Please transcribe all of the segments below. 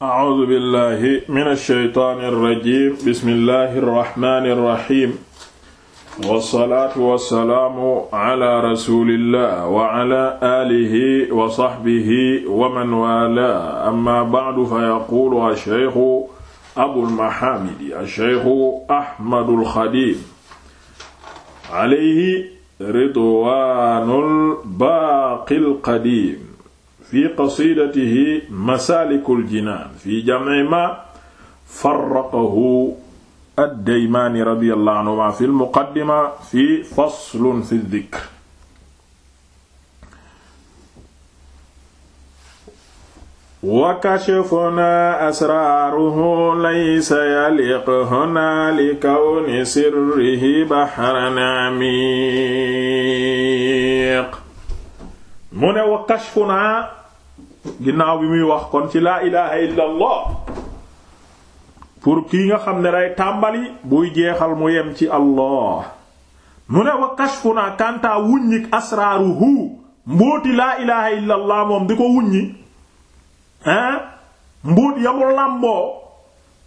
A'uuzu billaahi mina shaytaani rajiim bismillaahi rahmaani rahiim. Wassalaatu wassalaamu alaa rasuulillaah wa alaa aalihi wa sahbihi wa man waalaahu ammaa ba'du fayaquulu ash-shaykhu Abul Mahaamidi ash-shaykhu Ahmadul Xadiim alayhi ridwaanul baaqil qadiim fi qasidatihi masaalikul jinaan fi jam'i ma farraqahu ad-Daymaani radiyallahu anhuma fi al-muqaddima fi faslun fi dhikr wa kashafnaa asraaruhu laysa yaliqhunaa li kawni sirrihi bahran aamiq mu ne wa kashfunaa ginnaaw bi muy wax kon ci laa ilaha illa allah pour kii nga xam ne day tàmbali buy jeexal mu yem ci allah mu ne wa kashfunaa kantaa wuññik asraaruhu mbóoti laa ilaha illa allah moom di ko wuññi ah mbóot yamul làmboo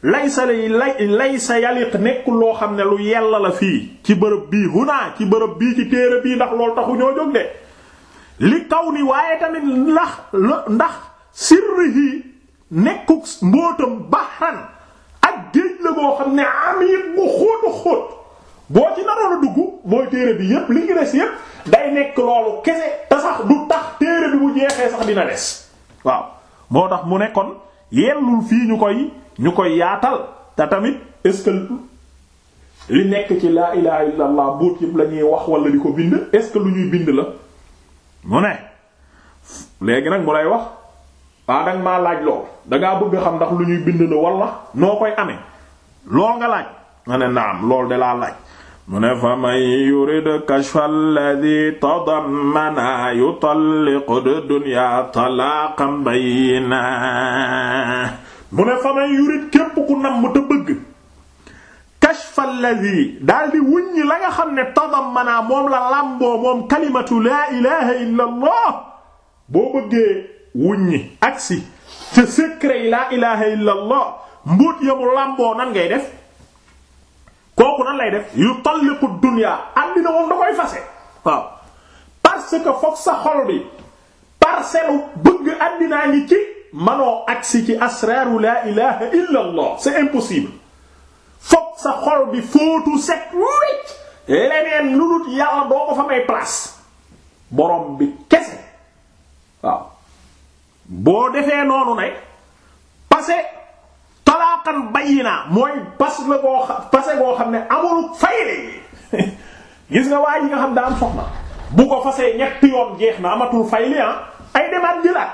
laysa lay laysa yaliq nekkul loo xam ne lu yella la fii ci bërëb bii hunaa ci bërëb bii ci téere bii ndax loolu taxu ñoo jóg de li kaw ni waaye tamit ndax ndax sirrihi nekkuk mbóotam baxran ak géej la boo xam ne amiir bu xóotu xóot boo ci naroon a dugg mooy téere bi yépp li ngi des yépp day nekk loolu kese te sax du tax téere bi bu jeexee sax dina des waaw moo tax mu nekkoon kon yellul fii ñu koy ñu koy yaatal te tamit est li nekk ci laa ilaha illa allah buut yépp la ñuy wax wala di ko bind est lu ñuy bind la mu ne léegi nag mu lay wax waa danga maa laaj lool dangaa bëgg xam ndax lu ñuy bind la walla noo koy amee lool nga laaj nga ne naam lool de laa laaj mu ne fa man yurid kashfa alladhi tadammana yutalliqu mu ne fa man yurid képp ku nam te bëgg falladi daal di wuññi la nga xam ne tadammana moom la làmboo moom kalimatu laa ilaha illa allah boo bëggee wuññi agsi ca secret yi laa ilaha illa mbóot yamu làmboo nan ngay def kooku nan lay def yu talliqu dunya àddina moom da koy fase waaw parce sa xol bi parcelle bëgg àddinaa ngi ci manoo agsi ci asraru laa ilaha illa allah c'est sa xol bi fóotu set wecc leneen lu dul yàlla doo ko fa may place borom bi kese waaw boo defee noonu ne passé talaakan bayi naa mooy bas la boo xam passé boo xam ne amul fayle gis nga waa yi nga xam daa am soxna bu ko fasee ñetti yoon jeex na amatul fayle ah ay demaat jëlaat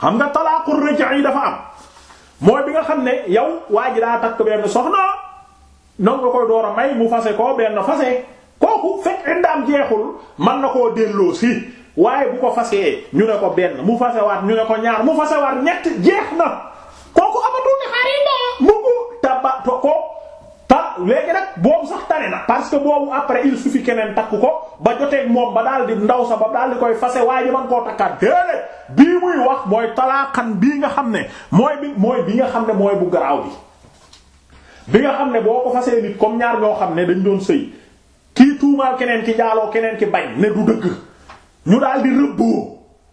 xam nga talaakul rëcc yi dafa am mooy bi nga xam ne yow waaj daa takk benn soxna noonu nga koy door a may mu fase koo benn fase kooku fekk indaam jeexul man na koo delloo si waaye bu ko fasee ñu ne ko benn mu fasewaat ñu ne ko ñaar mu fasewaat ñett jeex na kooku amatul ne xarit mu ngi taba ko ta léegi nag boobu sax tane na. parce que boobu après il suffit keneen takk ko ba joteeg moom ba daal di ndaw sax ba daal di koy fase waaye ji man koo takkaat déedéet bii muy wax mooy talaaxan bii nga xam ne mooy bi mooy bi nga xam ne mooy bu garaaw bi nga xam ne boo ko fasee nit comme ñaar ñoo xam ne dañ doon sëy kii tuumaal keneen ki jaaloo keneen ki bañ ne du dëgg ñu daal di rëbboo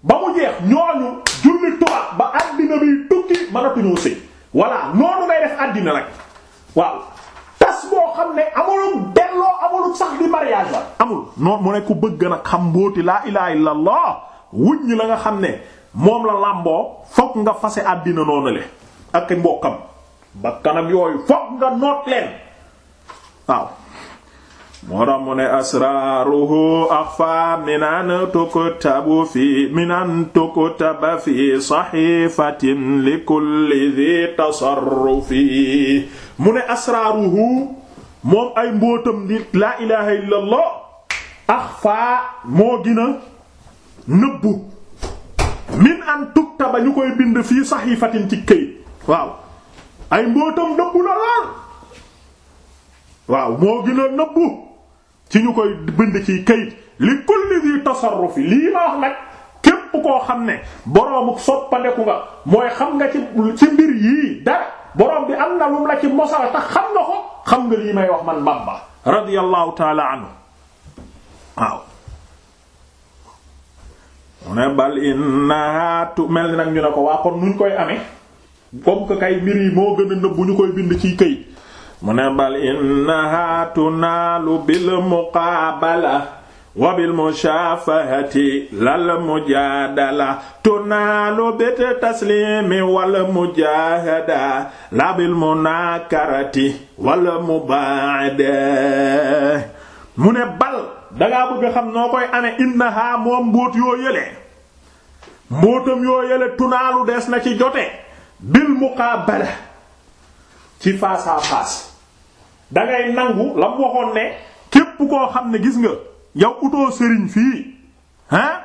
ba mu jeex ñooñu julli tubaab ba àddina bi tukki mënatuñoo sëy voilà noonu ngay def àddina nag waaw tas boo xam ne amulum delloo amulum sax di mariage la amul noon mu ne ku bëgg nag xam mbóoti laa ilaha illa allah wuñ la nga xam ne moom la làmboo fokk nga fase àddina noonu le ak mbokkam bakkanam yooyu fokk nga noot leen waaw mu ne asraruhu axfa minan tuktabu fi fi saxifatin li kulli tasarrufi mu ne asraruhu moom ay mbóotam di illa allah axfa moo nëbbu min an tuktaba ñu koy bind fii saxifatin ci ay mbootam nëbbu la lool waaw moo gën a nëbbu ci ñu koy bind ci kayit li kulli di tasarrufi lii ma wax nag képp koo xam ne boroomu soppandeku nga mooy xam nga ci ci mbir yii dara boroom bi am na lum la ci mosal tax xam nga ko xam nga lii may wax man Bamba radiyallahu taala anhu waaw mu ne bal inna tu mel nag ñu ne ko waa kon nuñ koy amee comme que kay mbir yi moo gën a nëbb ñu koy bind ci këy mu ne bal innaha tunaalu bil muqaabala wabil mushafahati lal mujadala tunaalu bit taslimi wal mujahada la bil munakarati wal mu ne bal dangaa bëgg xam noo koy ame innaha moom mbóot yoo yële mbóotam yoo yële tunaalu des na ci jote bil muqaabala ci face dangay nangu la mu waxoon ne képp koo xam ne gis nga yow utoo sëriñ fii ah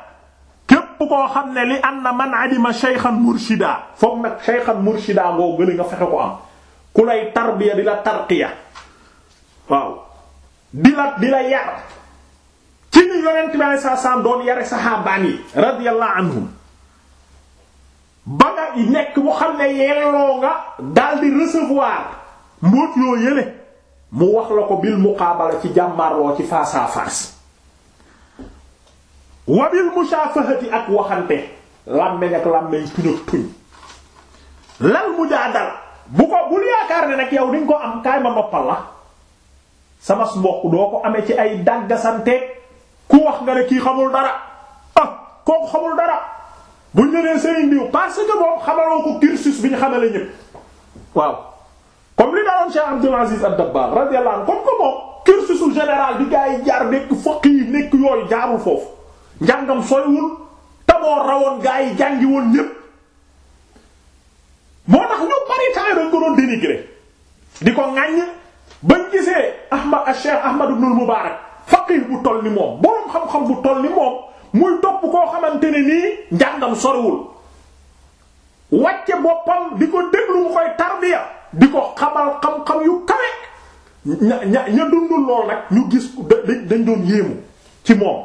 képp koo xam ne li anna man adima shaykhan murshida foog nag shaykhan murshida ngoo gëli nga fexe ko am ku lay tarbiya di la tarqiya waaw di la di la yar ci ni yonent bi sallallahu alayhi doon yare saxaabaan yi anhum ba nga nekk mu xam ne yelloo nga daal di recevoir mbóot yoo yële mu wax la ko bil muqaabala ci jàmmarloo ci face à face wa bil mushafahati ak waxante làmmeñ ak làmmeñ tuñ ak tuñ lal mujaadala bu ko bul yaakaar ne nag yow di ko am kaay ma noppal la sama mbokk doo ko amee ci ay dàggasante ku wax nga ne kii xamul dara ah kooku xamul dara bu ne nee sëriñ diw parce que xamaloo ko cursus bi ñu xamale ñëpp waaw comme li daloon Cheikh Abdul Aziz ad-Dabbar radiyallahu anhu comme que moom cursusu gaa yi jaar nekk faqih nekk yooyu jaarul foofu njàngam sooywul tamoo rawoon gaa yi jàngi woon ñëpp moo tax ñu bari taay dañ ko doon dénigré di ko ŋàññ bañ gisee Ahmad Cheikh Ahmad ibn al bu toll ni moom boroom xam-xam bu toll ni moom muy topp koo xamante ne nii njàngam soriwul wàcce boppam di ko déglu mu koy tarbiya di ko xamal xam-xam yu kawe ña ña ña dundul lool nag ñu gis dañ doon yéemu ci moom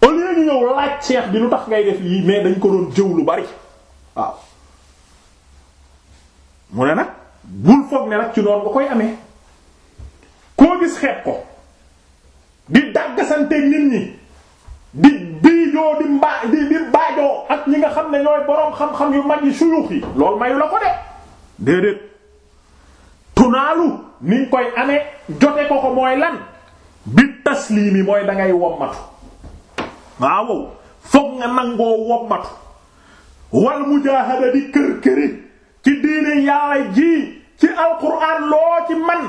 au lieu ñu ñëw laaj seex bi lu tax ngay def lii mais dañ ko doon jëw lu bari waaw mu ne nag bul foog ne nag ci noonu ko koy amee koo gis xeet ko di dàgg nit ñi di biijoo di mbaa di di mbaajoo ak ñi nga xam ne ñooy boroom xam-xam yu mag yi suyux yi loolu mayu la ko de déedéet tunaalu ni koy amee jote ko ko mooy lan bi tasliimi mooy dangay ngay wommatu waaw foog nga nangoo wommatu wal mujaahada di kër këri ci diine yàlla ji ci alquran loo ci man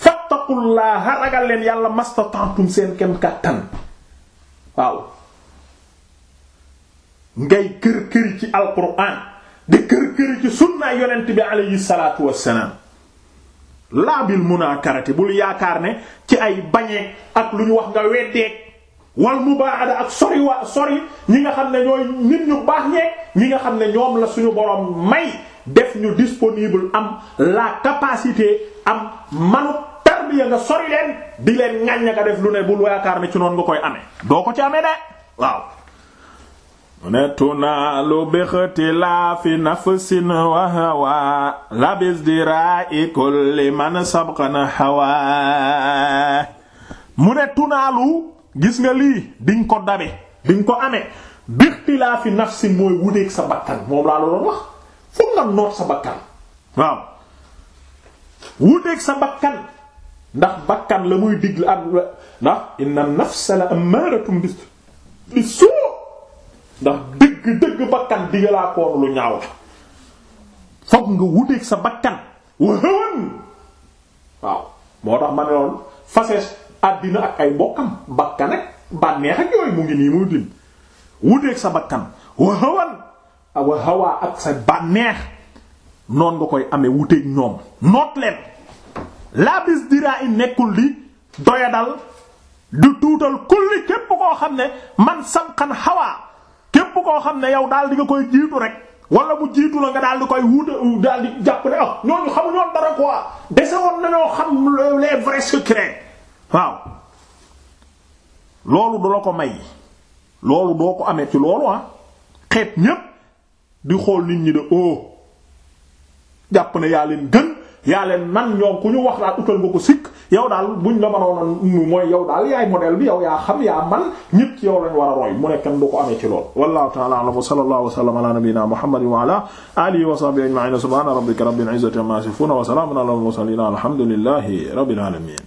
fattaqullaha ragal leen yàlla mastata'tum seen kem kattan waaw ngay kër këri ci alquran di kër këri ci sunnaay yonent bi aleyhi salaatu wassalaam laabil munaakarati bul yaakaar ne ci ay bañeeg ak lu ñu wax nga weddeeg wal mubaada ak sori wa sori ñi nga xam ne ñooy nit ñu baax ñeeg ñi nga xam ne ñoom la suñu borom may def ñu disponible am la capacité am manu tarbiya nga sori leen di ko ci amee de mu ne tunaalu gis nga lii diñ ko dabe diñ ko amee bixtilaafi nafsin mooy wuteeg sa bakkan moom laa la doon wax foog nga noot sa bakkan waaw wuteeg sa bakkan ndax bakkan la muy digle ak ndax inna nafsa la ammaaratum bis bis suu ndax dëgg dëgg bakkan digalaa lu ñaaw la fokk nga wuteeg sa bakkan wëhëwën waaw moo tax ma ne loolu fasees àddina ak ay bokkam bakkan ak bànneex ak yooyu mu ngi nii muy lim wuteeg sa bakkan wëhëwën ak wëhëwaa ak sa bànneex noon nga koy amee wuteeg ñoom noot labis dira i nekkul di doyadal du tuutal kulli képp koo xam ne man samxan xawaa képp koo xam ne yow daal di nga koy jiitu rek wala bu jiitu la nga daal di koy wuute daal di jàpp ne ah ñooñu xamuñoon dara quoi dese loolu du la ko may loolu doo ko amee ci loolu ah xeet ñépp di xool nit ñi de oh jàpp ne yaa leen gën yaa leen man ñoom ku ñu wax daal utal nga ko sikk yow daal buñ la mënoon mooy yow daal yaay modèle bi yow yaa xam yaa man ñépp ci yow lañ war a roy mu ne kenn du ko amee ci lool wallahu ta'ala a'lam wa sallallahu wa sallama ala nabiyyina muhammadin wa ala alihi wa sahbihi ajma'in subhana rabbika rabbil izzati amma yasifun wa salamun ala al mursalin alhamdulillahi rabbil alamin